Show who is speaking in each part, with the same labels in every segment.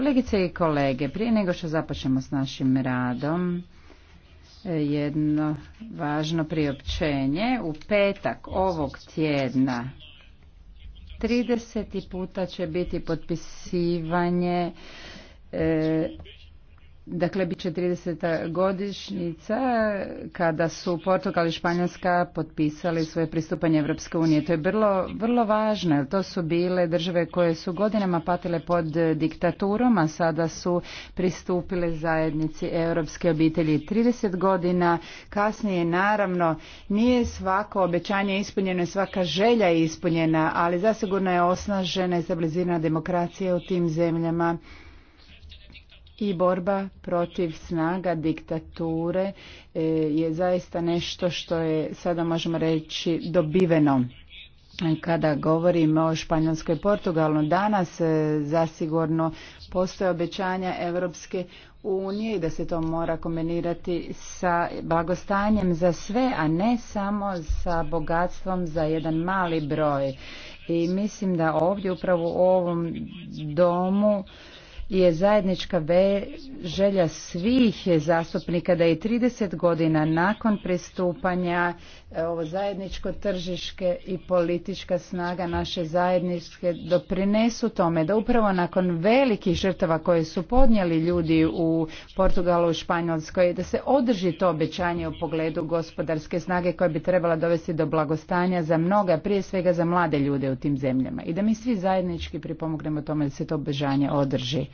Speaker 1: Kolegice i kolege, prije nego što započnemo s našim radom, e, jedno važno priopćenje. U petak ovog tjedna 30. puta će biti potpisivanje e, Dakle, bit će 30. godišnjica kada su Portugal i Španjolska potpisali svoje pristupanje Evropske unije. To je vrlo, vrlo važno, to su bile države koje su godinama patile pod diktaturom, a sada su pristupile zajednici europske obitelji. 30 godina kasnije, naravno, nije svako obećanje ispunjeno, svaka želja je ispunjena, ali zasigurno je osnažena i stabilizirana demokracija u tim zemljama i borba protiv snaga diktature e, je zaista nešto što je sada možemo reći dobiveno kada govorimo o Španjolskoj i Portugalu danas e, zasigurno postoje obećanja Europske unije i da se to mora kombinirati sa blagostanjem za sve, a ne samo sa bogatstvom za jedan mali broj. I mislim da ovdje upravo u ovom domu je zajednička želja svih zastupnika da je 30 godina nakon pristupanja e, ovo zajedničko tržiške i politička snaga naše zajedničke doprinesu tome da upravo nakon velikih žrtava koje su podnijeli ljudi u Portugalu, i Španjolskoj, da se održi to obećanje u pogledu gospodarske snage koja bi trebala dovesti do blagostanja za mnoga, prije svega za mlade ljude u tim zemljama i da mi svi zajednički pripomognemo tome da se to obećanje održi.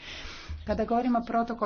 Speaker 1: Kada govorimo o protokolu